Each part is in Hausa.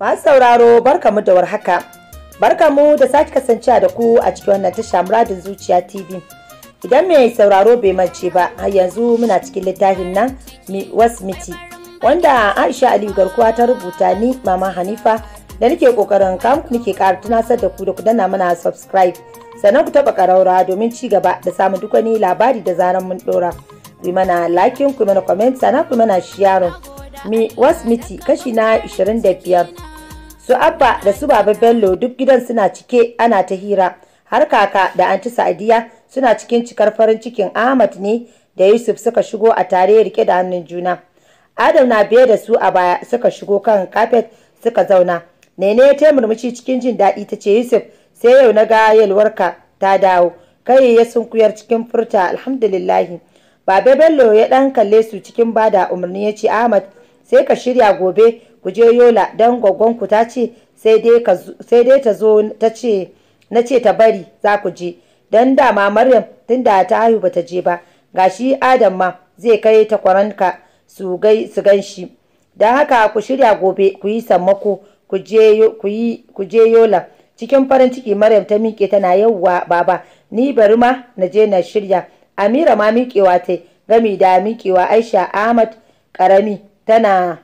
Masu sauraro "Barka mu da warhaka. "Barka mu da sake kasancewa da ku a cikin wannan tasha muradin zuciya TV. Idan mai sauraro bai mace ba, har yanzu muna cikin littafin nan miti wanda Aisha Aliyu garkuwa ta rubuta ni Mama Hanifa da nake kokarin kam nake ƙara tunasar da ku da ku danna mana subscribe sannan ku taɓa ƙaraura domin ci gaba da samun duk wani labari da zaran mun ɗora. Ku mana liking, ku mana comment, sannan ku mana sharing. miti, kashi na 25 su abba da su baba bello duk gidan suna cike ana ta hira har kaka da anti Sadiya suna cikin cikar farin cikin ahmad ne da yusuf suka shigo a tare rike da hannun juna adam na biye da su a baya suka shigo kan kafet suka zauna nene ta murmushi cikin jin daɗi ta ce yusuf sai yau na ga yalwarka ta dawo kai ya sunkuyar cikin furta alhamdulillahi babe bello ya ɗan kalle su cikin bada umarni ya ce ahmad sai ka shirya gobe ku je yola don gwaggonku ta ce sai dai ta zo ta ce na ce ta bari za ku je don dama maryam tun da ta haihu ta je ba ga shi adam ma zai kai ta kwaranka su gan shi don haka ku shirya gobe ku yi sammako ku je yola cikin farin ciki maryam ta miƙe tana yauwa baba ni bari ma na je na shirya amira ma miƙewa ta gami da miƙewa aisha ahmad karami tana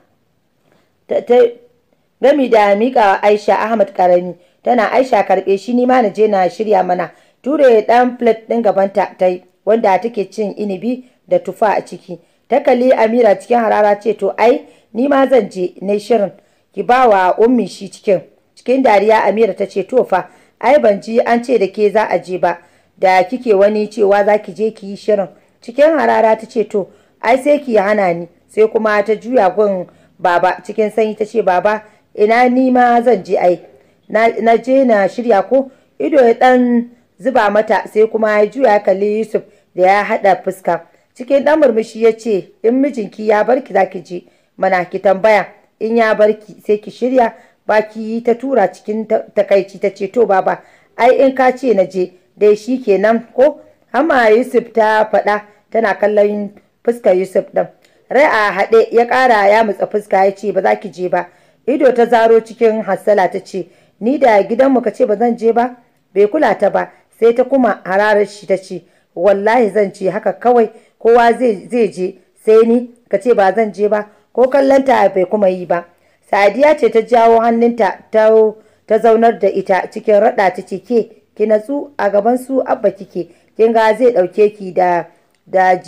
gami da miƙa Aisha Ahmad Karami tana Aisha karɓe shi ni ma na je na shirya mana ture ɗan plate ɗin gabanta ta yi wanda take cin inibi da tufa a ciki ta kalli Amira cikin harara ce to ai ni ma zan je na shirin ki ba wa ummi shi cikin cikin dariya Amira ta ce to fa ai ban ji an ce da ke za a je ba da kike wani cewa za ki je ki yi shirin cikin harara ta ce to ai sai ki hana ni sai kuma ta juya gun baba cikin sanyi ta ce baba ina ni ma zan je ai na je na shirya ko ido ya dan zuba mata sai kuma ya juya kalli Yusuf da ya hada fuska cikin dan murmushi ya ce in mijinki ya barki zaki je mana ki tambaya in ya barki sai ki shirya baki ta tura cikin takaici ta ce to baba ai in ka ce na je dai shi kenan ko hama Yusuf ta faɗa tana kallon fuskar Yusuf ɗin. rai a haɗe ya ƙara ya mutsa fuska ya ce ba za ki je ba ido ta zaro cikin hassala ta ce ni da gidanmu ka ce ba zan je ba bai kula ta ba sai ta kuma hararar shi ta ce wallahi zan ce haka kawai kowa zai je sai ni ka ce ba zan je ba ko kallonta bai kuma yi ba sadiya ce ta jawo hannunta ta zaunar da ita cikin raɗa ta ce ke ki natsu a gaban su abba kike kin ga zai ɗauke ki da da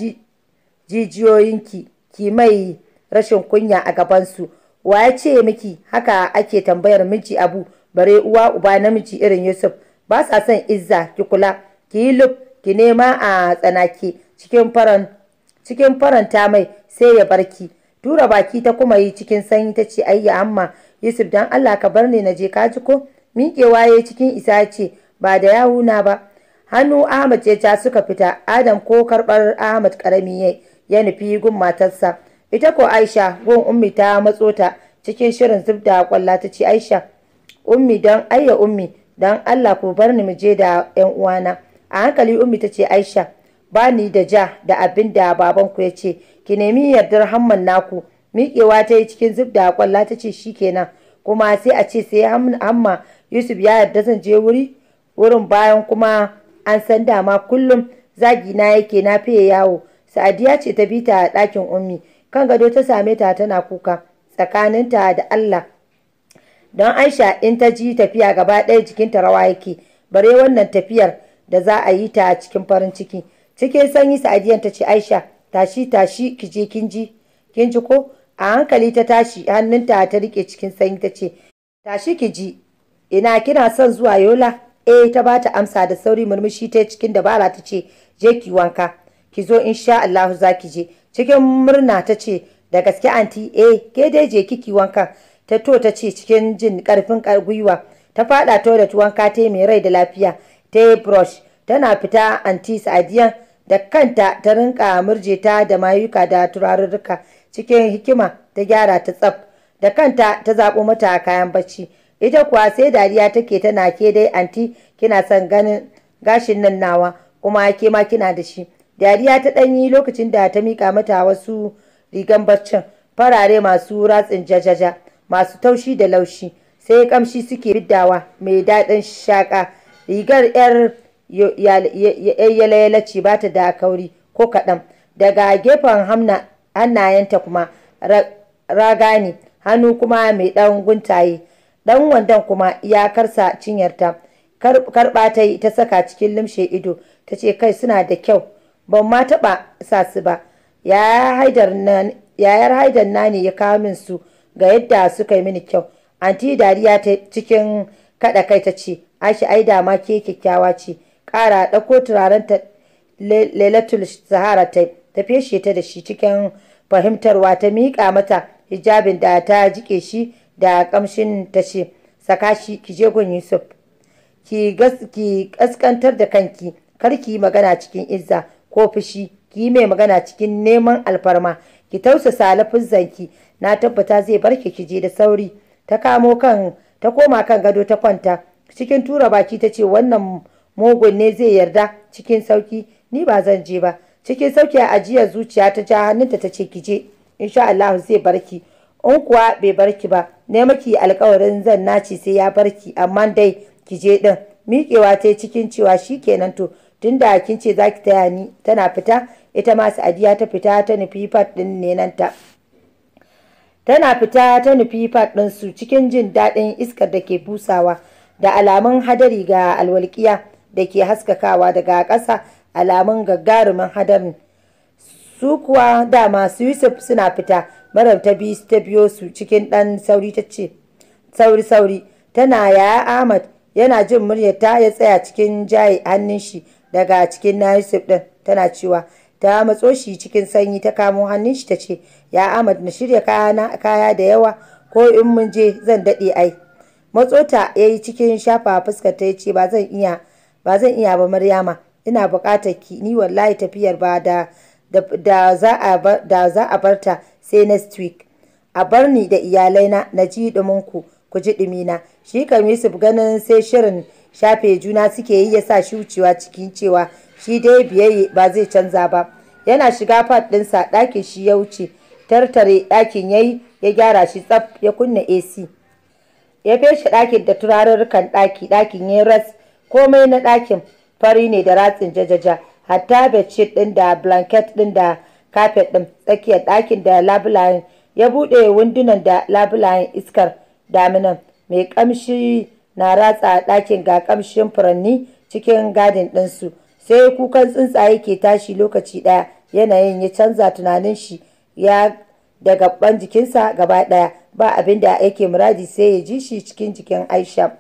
jijiyoyinki ki mai rashin kunya a gabansu wa ya ce miki haka ake tambayar miji abu bare uwa uba namiji irin yusuf ba sa son izza ki kula ki yi lub ki nema a tsanake cikin faranta mai sai ya barki tura baki ta kuma yi cikin sanyi ta ce ayya amma yusuf dan allah ka bar ni na je ka ji ko miƙewa ya cikin isa ce ba da yawuna ba hannu ahmad ce ta suka fita adam ko karɓar ahmad karami yayi ya nufi gun matarsa ita ko Aisha gun ummi ta matso ta cikin shirin zubda kwalla ta ce Aisha ummi don ayya ummi don Allah ku bar ni mu je da yan uwana a hankali ummi ta ce Aisha ba ni da ja da abin da babanku ya ce ki nemi yardar hamman naku miƙewa ta yi cikin zubda da kwalla ta ce kenan kuma sai a ce sai hamma yusuf ya yarda zan je wuri wurin bayan kuma an san dama kullum zagina yake na fiye yawo Sa'adiya ce ta bi ta ɗakin ummi kan gado ta same ta tana kuka tsakaninta da Allah don Aisha in ta ji tafiya gaba ɗaya jikinta rawa yake bare wannan tafiyar da za a yi ta cikin farin ciki cikin sanyi Sa'adiyan ta ce Aisha tashi tashi ki je kin ji kin ji ko a hankali ta tashi hannunta ta rike cikin sanyi ta ce tashi ki ji ina kina son zuwa Yola eh ta bata amsa da sauri murmushi ta cikin dabara ta ce je ki wanka ki zo insha Allah za ki je cikin murna ta ce da gaske anti eh ke dai je kiki wanka ta to ta ce cikin jin karfin gwiwa ta fada da wanka ta mai rai da lafiya ta yi brush tana fita anti sa'adiyan da kanta ta rinka murje ta da mayuka da turarurruka cikin hikima ta gyara ta tsaf da kanta ta zabo mata kayan bacci ita kuwa sai dariya take tana ke dai anti kina son ganin gashin nan nawa kuma ke ma kina da shi dariya ta ɗanyi lokacin da ta miƙa mata wasu rigan barcin, farare masu ratsin jajaja masu taushi da laushi sai kamshi suke biddawa mai daɗin shaƙa rigar 'yar ce ba ta da kauri ko kaɗan daga gefen hannayenta kuma raga ne hannu kuma mai ɗan guntaye ɗan wandon kuma iyakarsa cinyarta karɓa ta ta saka cikin limshe ido ta ce kai suna da kyau ban ma taɓa sa su ba yayar haidar na ne ya kawo min su ga yadda suka yi mini kyau anti dariya ta cikin kaɗa kai ta ce ashi ai da ma ke kyakkyawa ce ƙara ɗauko turaren ta lailatul sahara ta ta feshe ta da shi cikin fahimtarwa ta miƙa mata hijabin da ta jike shi da ƙamshin ta ce saka shi ki je gun yusuf ki gaskantar da kanki kar ki yi magana cikin izza ko fushi ki mai magana cikin neman alfarma ki tausasa Zanki. na tabbata zai barke ki je da sauri ta kamo kan ta koma kan gado ta kwanta cikin tura baki ta ce wannan mugun ne zai yarda cikin sauki ni ba zan je ba cikin sauki a ajiyar zuciya ta ja hannunta ta ce ki je insha Allah zai barki in kuwa bai barki ba ne maki alkawarin zan naci sai ya barki amma dai ki je din miƙewa ta cikin cewa shikenan to Tun da kin ce zaki taya ni tana fita ita ma Sa'adiya ta fita ta nufi fat din nenan ta tana fita ta nufi fat din su cikin jin daɗin iskar da ke busawa da alamun hadari ga alwalƙiya da ke haskakawa daga ƙasa alamun gagarumin hadarin su kuwa dama su Yusuf suna fita marar ta biyo su cikin ɗan sauri ta ce sauri sauri tana yaya Ahmad yana jin muryarta ya tsaya cikin jaye hannun shi daga cikin na Yusuf ɗin tana cewa ta matso shi cikin sanyi ta kamo hannun shi ta ce ya Ahmad na shirya kaya da yawa ko in mun je zan daɗe ai matso ya yi cikin shafa fuskar ta ya ce ba zan iya ba zan iya ba Maryama ina buƙatar ki ni wallahi tafiyar ba da da za a bar ta sai next week a bar ni da iyalai na ji ɗuminku ku ji na shi kam Yusuf ganin sai shirin shafe juna suke yi ya sa shi wucewa cikin cewa shi dai biyayye ba zai canza ba yana shiga fat ɗinsa ɗakin shi ya wuce tartare ɗakin yayi ya gyara shi tsaf ya kunna AC ya feshi ɗakin da turarurrukan ɗaki ɗakin ya ras komai na ɗakin fari ne da ratsin jajaja hatta bedsheet ɗin da blanket ɗin da carpet ɗin tsakiyar ɗakin da labulayen ya buɗe wundunan da labulayen iskar daminan mai kamshi. na ratsa a ɗakin ga ƙamshin furanni cikin gadin ɗinsu sai kukan tsuntsaye ke tashi lokaci ɗaya yanayin ya canza tunanin shi ya da gabban jikinsa gaba ɗaya ba abin da yake muradi sai ya ji shi cikin jikin aisha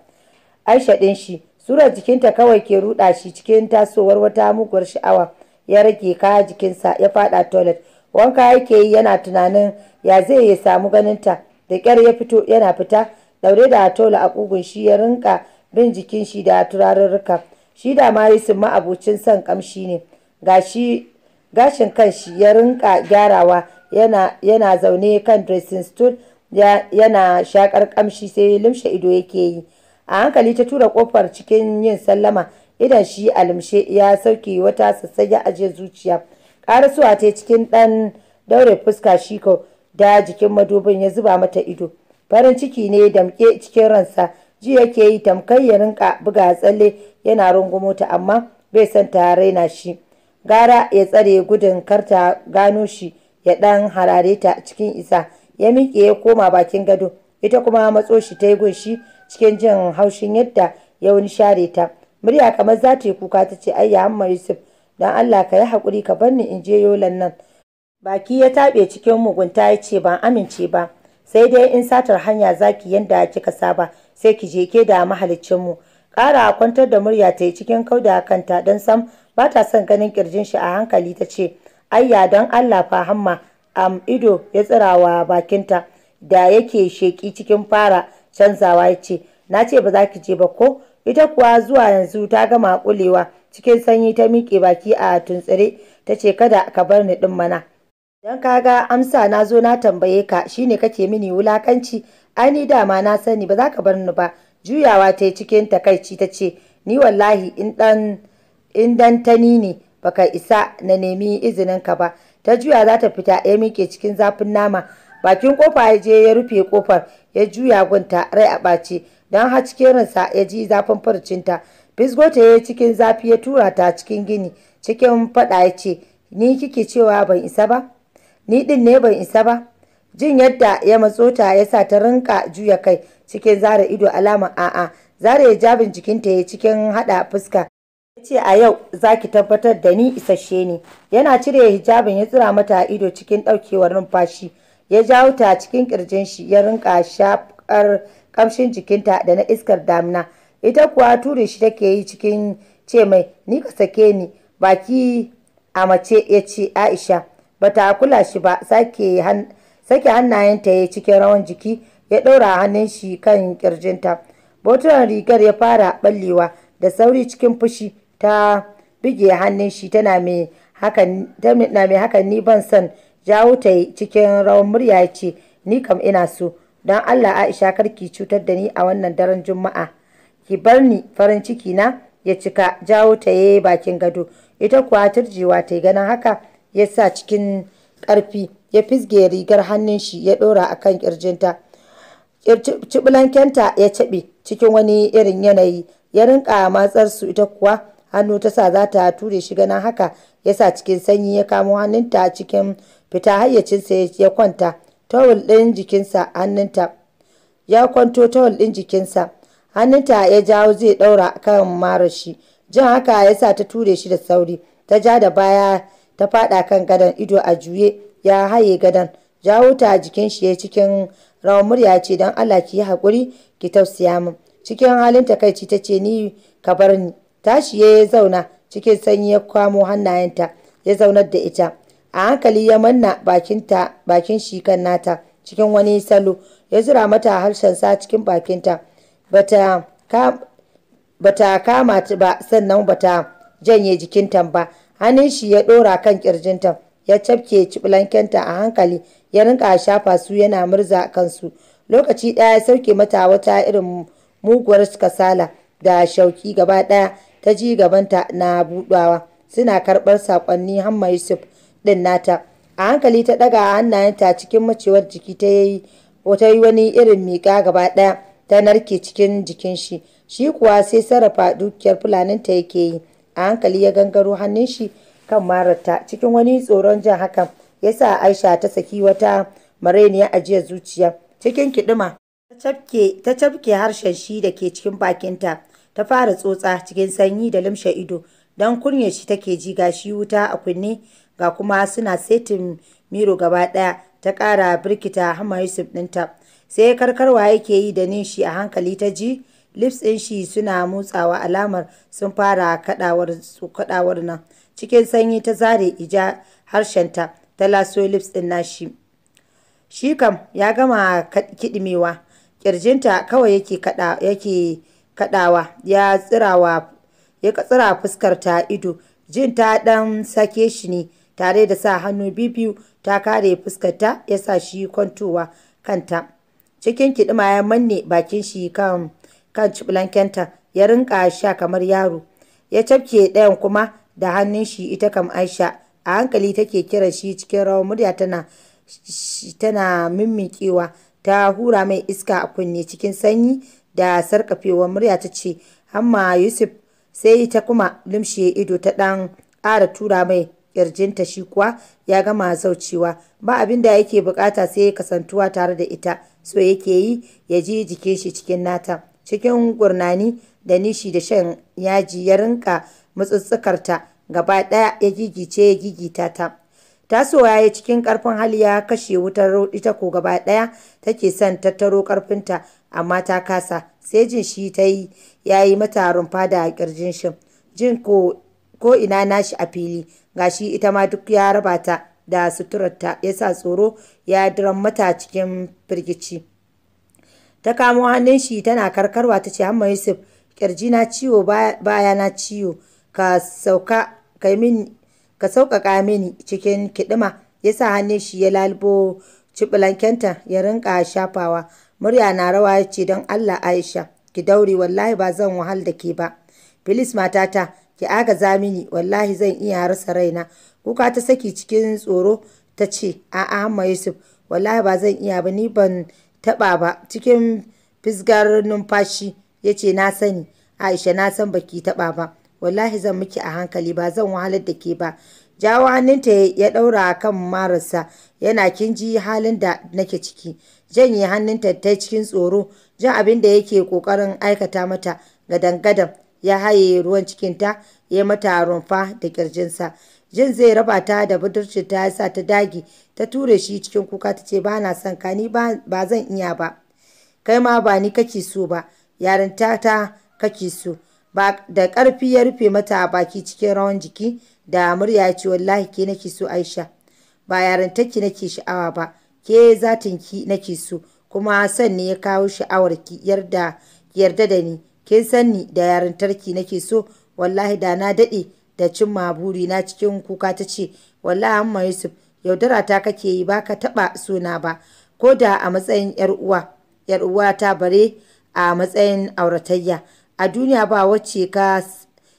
aisha ɗin shi surar jikinta kawai ke ruɗa shi cikin tasowar wata muguwar sha'awa ya rage kaya jikinsa ya faɗa toilet wanka yake yi yana tunanin ya zai ya samu ganinta da ƙyar ya fito yana fita daure da Atola a kugun shi ya rinka bin jikin shi da turarurruka shi da ma yi sun ma'abucin son kamshi ne gashin kan shi ya rinka gyarawa yana yana zaune kan dressing stool yana shakar kamshi sai limshe ido yake yi a hankali ta tura kofar cikin yin sallama idan shi a alimshe ya sauke wata sassaya jin zuciya karasuwa ta cikin ɗan daure fuska shiko da jikin madubin ya zuba mata ido farin ciki ne damke cikin ransa ji yake yi tamkar ya rinka buga tsalle yana rungumo ta amma bai san ta raina shi gara ya tsare gudun karta gano shi ya dan harare ta cikin isa ya miƙe ya koma bakin gado ita kuma matso shi ta yi gunshi cikin jin haushin yadda ya wani share ta murya kamar za ta yi kuka ta ce ayya hamma yusuf don allah ka yi hakuri, ka bar ni in je yolan nan baki ya taɓe cikin mugunta ya ce ban amince ba sai dai in satar hanya zaki yanda kika saba sai ki je ke da mahalicin mu ƙara kwantar da murya ta yi cikin kauda kanta don sam ba ta son ganin kirjin shi a hankali ta ce ayya don allah fa hamma am ido ya tsirawa bakinta da yake sheki cikin fara canzawa ya ce na ce ba za ki je ba ko ita kuwa zuwa yanzu ta gama kulewa cikin sanyi ta miƙe baki a tuntsire ta ce kada ka bar ni ɗin mana Don ka ga amsa na zo na tambaye ka shi ne kake mini wulakanci, ai ni dama na sani ba za ka bar ni ba. Juyawa ta yi cikin takaici ta ce, Ni wallahi in dan tani ne baka isa na nemi izinin ka ba. Ta juya za ta fita ya miƙe cikin zafin nama. Bakin kofa ya je ya rufe kofar ya juya gunta rai a ɓace don har cikin ransa ya ji zafin farcinta. Fisgo ta yi cikin zafi ya tura ta cikin gini cikin faɗa ya ce, Ni kike cewa ban isa ba? ni din ne ban isa ba jin yadda ya matso ta ya sa ta rinka juya kai cikin zara ido alama a'a zara ya jabin jikinta ya cikin hada fuska ya ce a yau za ki tabbatar da ni isasshe ne yana cire hijabin ya tsira mata ido cikin daukewar numfashi ya jawo ta cikin kirjin shi ya rinka shakar kamshin jikinta da na iskar damina ita kuwa ture shi take yi cikin ce mai ni ka sake ni baki a mace ya ce aisha bata kula shi ba sake hannayenta ya cikin rawan jiki ya ɗora hannun shi kan kirjinta botunan rigar ya fara ɓallewa da sauri cikin fushi ta bige hannun shi tana mai hakan ni ban son jawo ta cikin rawan murya ce ni kam ina so don allah aisha karki cutar da ni a wannan daren juma'a ki bar ni farin ciki na ya cika jawo ta bakin gado ita kuwa turjewa ta ganin haka ya sa cikin ƙarfi ya fisge rigar hannun shi ya ɗora a kan ƙirjinta kenta ya caɓe cikin wani irin yanayi ya rinka matsar su ita kuwa hannu ta sa za ta ture shi ganin haka ya sa cikin sanyi ya kamo hannunta cikin fita hayyacinsa ya kwanta tawul ɗin jikinsa hannunta ya kwanto tawul ɗin jikinsa hannunta ya jawo zai ɗaura kan shi jin haka ya sa ta ture shi da sauri ta ja da baya ta faɗa kan gadon ido a juye ya haye gadon jawo ta a jikin shi cikin rawar murya ce don Allah ki yi hakuri ki tausaya min cikin halin takaici ta ce ni ka bar ni tashi ya zauna cikin sanyi ya kwamo hannayenta ya zaunar da ita a hankali ya manna bakinta bakin shi kan nata cikin wani salo ya zura mata harshen sa cikin bakinta bata bata kama ta ba sannan bata janye jikinta ba hannun shi ya ɗora kan ƙirjinta ya cafke cibilankenta a hankali ya rinka shafa su yana murza kansu lokaci ɗaya ya sauke mata wata irin muguwar kasala da shauki gaba ɗaya ta ji gabanta na buɗawa suna karɓar saƙonni hamma yusuf ɗin nata a hankali ta ɗaga hannayenta cikin macewar jiki ta yi wani irin miƙa gaba ɗaya ta narke cikin jikin shi shi kuwa sai sarrafa dukiyar fulaninta yake yi a hankali ya gangaro hannun shi kan marata cikin wani tsoron jan hakan ya sa aisha ta saki wata marainiyar ajiyar zuciya cikin kiɗima ta cafke harshen shi da ke cikin bakinta ta fara tsotsa cikin sanyi da limshe ido don kunyar shi take ji ga shi wuta a kunne ga kuma suna setin miro gaba ɗaya ta ƙara birkita hama yusuf ɗinta sai karkarwa yake yi da nishi a hankali ta ji Lips ɗin shi suna motsawa alamar sun fara kaɗawar nan. Cikin sanyi ta zare ija harshenta ta laso lips ɗin nashi. Shi kam ya gama kiɗimewa. Ƙirjinta kawai yake yake kaɗawa ya tsirawa ya tsira fuskarta ido. Jin ta ɗan sake shi ne tare da sa hannu biyu-biyu ta kare fuskarta ya sa shi kwantowa kanta. Cikin kiɗima ya manne bakin shi kan kan cibilankenta ya rinka sha kamar yaro ya cafke ɗayan kuma da hannun shi ita kam aisha a hankali take kira shi cikin rawa murya tana tana mimmiƙewa ta hura mai iska a kunne cikin sanyi da sarkafewa murya ta ce hamma yusuf sai ta kuma lumshe ido ta ɗan ƙara tura mai yarjinta shi kuwa ya gama zaucewa ba abin da yake bukata sai kasantuwa tare da ita so yake yi ya ji jikin shi cikin nata cikin gurnani da nishi da shan yaji ya rinka mutsutsukarta gaba ɗaya ya gigice ya gigita ta tasowa ya cikin karfin hali ya kashe wutar ita ko gaba ɗaya take son tattaro ƙarfinta amma ta kasa sai jin shi ta yi ya yi mata rumfa da kirjin shi jin ko ko ina nashi a fili gashi ita ma duk ya raba ta da suturarta ya sa tsoro ya diran mata cikin firgici. ta kamo hannun shi tana karkarwa ta ce hamma yusuf kirji na ciwo baya na ciwo ka sauka ka sauƙaƙa mini cikin kiɗima ya sa hannun shi ya lalbo cibilankenta ya rinka shafawa murya na rawa ya ce don allah aisha ki daure wallahi ba zan wahal da ke ba filis matata ki agaza mini wallahi zan iya rasa raina kuka ta saki cikin tsoro ta ce a'a hamma yusuf wallahi ba zan iya ba ni ban taɓa ba cikin fisgar numfashi ya ce na sani aisha na san baki taɓa ba wallahi zan miki a hankali ba zan wahalar da ke ba jawo hannunta ya ɗaura kan marasa yana ji halin da nake ciki janye hannunta ta cikin tsoro jin abin da yake ƙoƙarin aikata mata gadan-gadan ya haye ruwan cikinta ya mata rumfa da kirjinsa jin zai raba ta da budurcin ta yasa ta dage ta ture shi cikin kuka ta ce ba na son ka ni ba zan iya ba kai ma ba ni kake so ba yarinta ta kake so ba da ƙarfi ya rufe mata a baki cikin rawan jiki da murya ce wallahi ke nake so Aisha ba yarintarki nake sha'awa ba ke zatin ki nake so kuma san ne ya kawo sha'awarki yarda yarda da ni ke san ni da yarintarki nake so wallahi da na dade. da cimma na cikin kuka ta ce, Wallahi amma Yusuf, yaudara ta kake yi ba ka taɓa suna ba, ko da a matsayin ‘yar uwa, ‘yar uwa ta bare a matsayin auratayya. A duniya ba wacce ka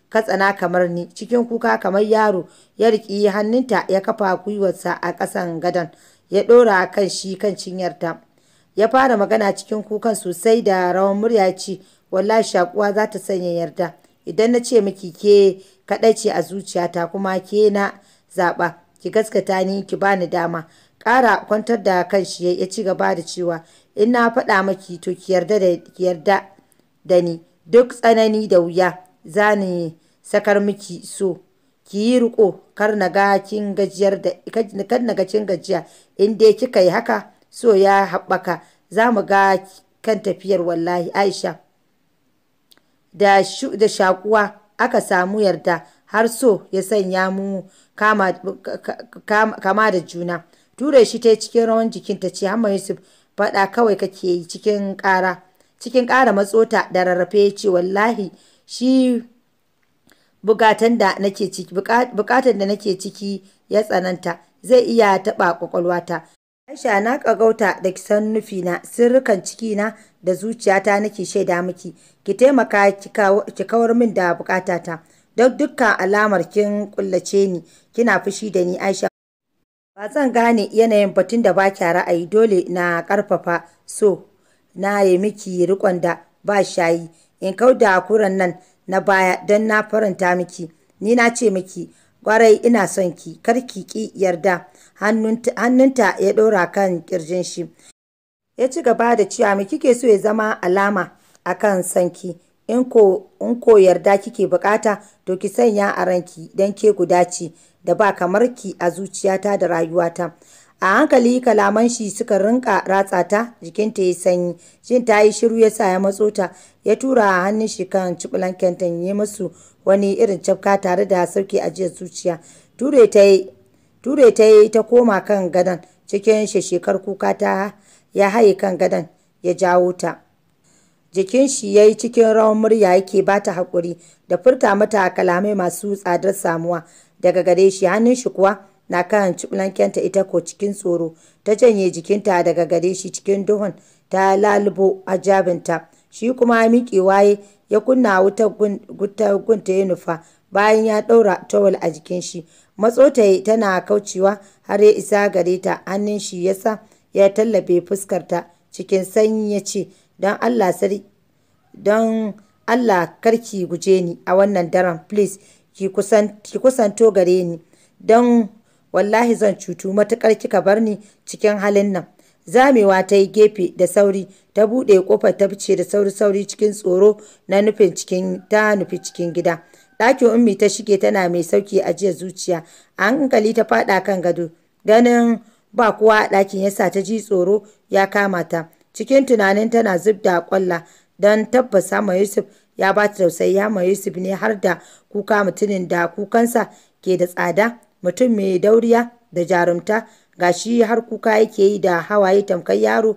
katsana kamar ni cikin kuka kamar yaro ya riƙi hannunta ya kafa gwiwarsa a ƙasan gadon ya ɗora kan shi kan cinyarta ya fara magana cikin kukan sosai da rawan murya ce wallahi shakuwa za ta sanya yarda idan na ce miki ke kaɗai ce a zuciyata kuma ke na zaɓa ki gaskata ni ki bani dama ƙara kwantar da kan ya ci gaba da cewa in na faɗa maki to ki yarda da ki yarda da ni duk tsanani da wuya za ni sakar miki so ki yi riko kar na ga kin gajiyar da kar na ga kin gajiya in dai kika yi haka so ya haɓaka za mu ga kan tafiyar wallahi aisha da shakuwa aka samu yarda har so ya sanya mu kama da juna ture shi ta cikin rawan jikin ta ce hamma yusuf faɗa kawai kake cikin ƙara cikin ƙara matsota da rarrafe ya ce wallahi shi bukatan da nake ciki ya tsananta zai iya taɓa ƙwaƙwalwata Aisha na ƙagauta da kisan nufina, sirrukan cikina da zuciyata nake shaida miki, ki taimaka ki kawar min da bukatata. Don dukkan alamar kin kullace ni, kina fushi da ni Aisha. Ba zan gane yanayin batun da ba kya ra'ayi dole na karfafa so na yi miki rikon da ba shayi in kauda kuran nan na baya don na faranta miki. Ni na ce miki Kwarai ina son ki, kar ki ki yarda. Hannunta ya ɗora kan kirjin shi. Ya ci gaba da cewa me kike so ya zama alama akan sanki. In ko in ko yarda kike bukata to ki sanya a ranki dan ke guda ce da ba kamar ki a zuciyata da rayuwata. a hankali kalaman shi suka rinka ratsa ta jikinta ya sanyi shin ta yi shiru ya sa ya matso ta ya tura hannun shi kan cibilan kentan ya musu wani irin cafka tare da sauki ajiyar zuciya ture ta yi ture ta yi ta koma kan gadon cikin shekar kuka ta ya haye kan gadon ya jawo ta jikin shi ya yi cikin rawan murya yake ba ta haƙuri da furta mata kalamai masu tsadar samuwa daga gare shi hannun shi kuwa na kan cuɓlankenta ita ko cikin tsoro ta janye jikinta daga gare shi cikin duhun ta lalubo a jabinta shi kuma miƙe waye ya kunna wuta gunta ya nufa bayan ya ɗaura towel a jikin shi matsotai tana kaucewa har ya isa gare ta hannun shi ya sa ya tallafe fuskarta cikin sanyi ya ce don allah don allah karki guje ni a wannan daren please ki kusanto gare ni don wallahi zan cutu matuƙar kika bar ni cikin halin nan zamewa ta yi gefe da sauri ta buɗe ƙofar ta fice da sauri sauri cikin tsoro na nufin cikin ta nufi cikin gida ɗakin ummi ta shige tana mai sauki a jiya zuciya a hankali ta faɗa kan gado ganin ba kowa a ɗakin yasa ta ji tsoro ya kama ta cikin tunanin tana zub da kwalla don tabbasa ma Yusuf ya ba ta tausayi Hama Yusuf ne har da kuka mutumin da kukansa ke da tsada mutum mai dauriya da jarumta ga shi har kuka yake yi da hawaye tamkar yaro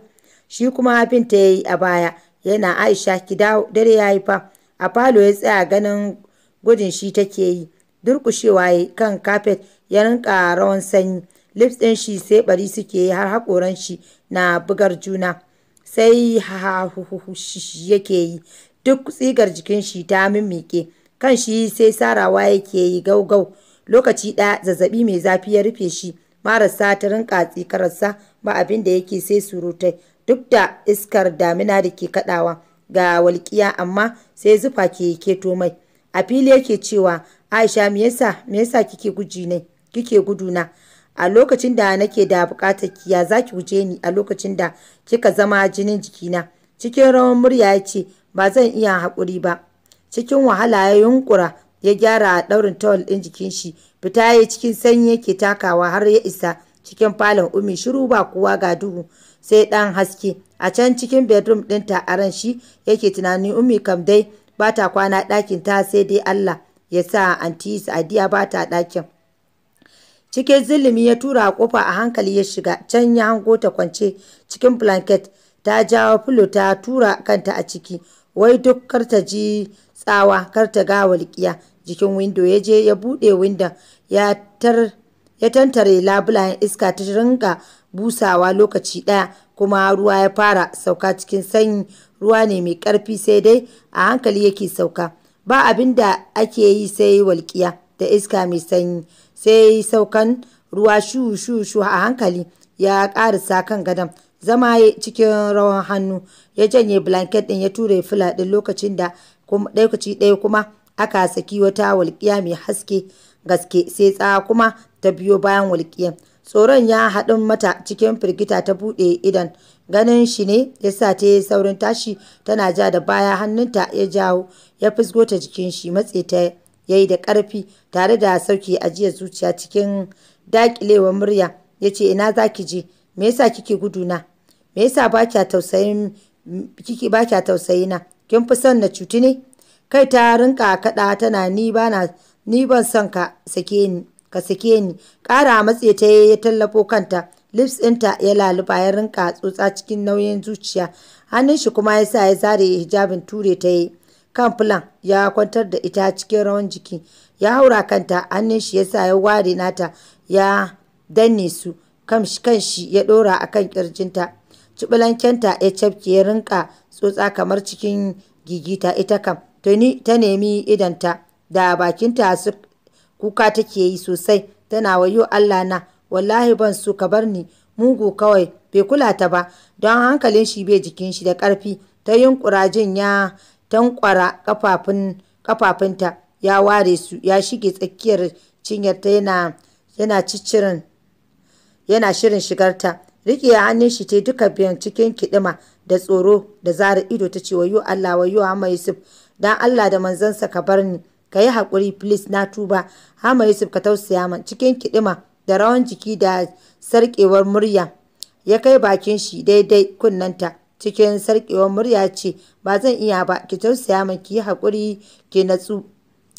shi kuma abin ya yi a baya yana aisha ki dawo dare ya yi fa a falo ya tsaya ganin gudun shi take yi durkushewa yi kan kafet ya rinka rawan sanyi lips din shi sai bari suke yi har hakoran shi na bugar juna sai yake yi duk tsigar jikin shi ta mimmiƙe kan shi sai sarawa yake yi gaugau lokaci ɗaya zazzabi mai zafi ya rufe shi marasa ta rinka tsikararsa ba abin da yake sai surutai duk da iskar damina da ke kaɗawa ga walƙiya amma sai zufa ke keto mai a fili yake cewa aisha me yasa me yasa kike guji ne kike guduna a lokacin da nake da buƙatar ki ya zaki guje ni a lokacin da kika zama jinin jikina cikin rawan murya ya ce ba zan iya haƙuri ba cikin wahala ya yunkura ya gyara a ɗaurin tawul ɗin jikin shi fita ya cikin sanyi yake takawa har ya isa cikin falon umi shiru ba kowa ga duhu sai ɗan haske a can cikin bedroom ta a ran shi yake tunanin umi kam dai ba ta kwana ɗakin ta sai dai Allah ya sa anti Sadiya ba ta ɗakin. Cikin zulumi ya tura a kofa a hankali ya shiga can ya hango ta kwance cikin blanket ta jawo filo ta tura kanta a ciki wai duk kar ta ji tsawa kar ta ga walƙiya jikin windo ya je ya buɗe windon ya tar ya tantare labulayen iska ta rinka busawa lokaci ɗaya kuma ruwa ya fara sauka cikin sanyi ruwa ne mai ƙarfi sai dai a hankali yake sauka ba abin da ake yi sai walƙiya da iska mai sanyi sai saukan ruwa shu shu shu a hankali ya ƙarisa kan gadon zama cikin rawan hannu ya janye blanket ɗin ya ture fila ɗin lokacin da kuma ɗaya kuma aka saki wata walƙiya mai haske gaske sai tsawa kuma ta biyo bayan walƙiyar tsoron ya haɗin mata cikin firgita ta buɗe idan ganin shi ne ya sa ta yi saurin tashi tana ja da baya hannunta ya jawo ya fusgo ta jikin shi matse ta ya yi da ƙarfi tare da sauki ajiyar zuciya cikin daƙilewar murya ya ce ina za ki je me yasa kike guduna me yasa ba kya tausayi na kin fi son na cuti ne kai ta rinka kaɗa tana ni bana ni ban son ka sake ni ka sake ni ƙara matse ta ya tallafo kanta lips ɗinta ya laluba ya rinka tsotsa cikin nauyin zuciya hannun shi kuma ya sa ya zare hijabin ture ta yi kan filan ya kwantar da ita cikin rawan jiki ya haura kanta hannun shi ya sa ya ware nata ya danne su kan shi ya ɗora akan kirjinta Tubulankenta ya cafke ya rinka tsotsa kamar cikin gigita ita kam tuni ta nemi idanta da bakinta kuka take yi sosai tana wayo Allah na wallahi ban so ka bar ni mugu kawai bai kula ta ba don hankalin shi bai jikin shi da ƙarfi ta yin kurajin ya tankwara kafafunta ya ware su ya shige tsakiyar cinyar yana yana yana shirin shigarta Riƙe hannun shi ta duka biyan cikin kiɗima da tsoro da zara ido ta ce wayo Allah wayo Hama Yusuf dan Allah da manzansa ka bar ni ka yi haƙuri please na tuba Hama Yusuf ka tausaya min cikin kiɗima da rawan jiki da sarkewar murya ya kai bakin shi daidai kunnanta cikin sarƙewar murya ce ba zan iya ba ki tausaya min ki yi haƙuri ki natsu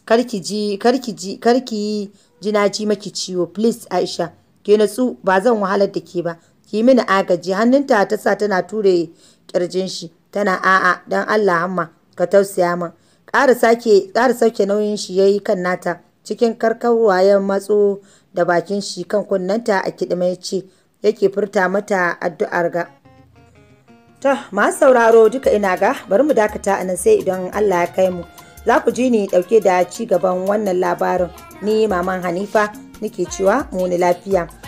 karki ji karki ji karki ji ji maki ciwo please Aisha ki natsu ba zan wahalar da ke ba ki mini agaji hannunta ta sa tana ture kirjin shi tana a'a dan Allah hamma ka tausaya min ƙara sake ƙara sauke nauyin shi yayi kan nata cikin karkarwa ya matso da bakin shi kan kunnanta a kidimai ce yake furta mata addu'ar ga ta ma sauraro duka ina ga bari mu dakata anan sai idan Allah ya kai mu za ku ji ni dauke da ci gaban wannan labarin ni maman Hanifa nake cewa mu ni lafiya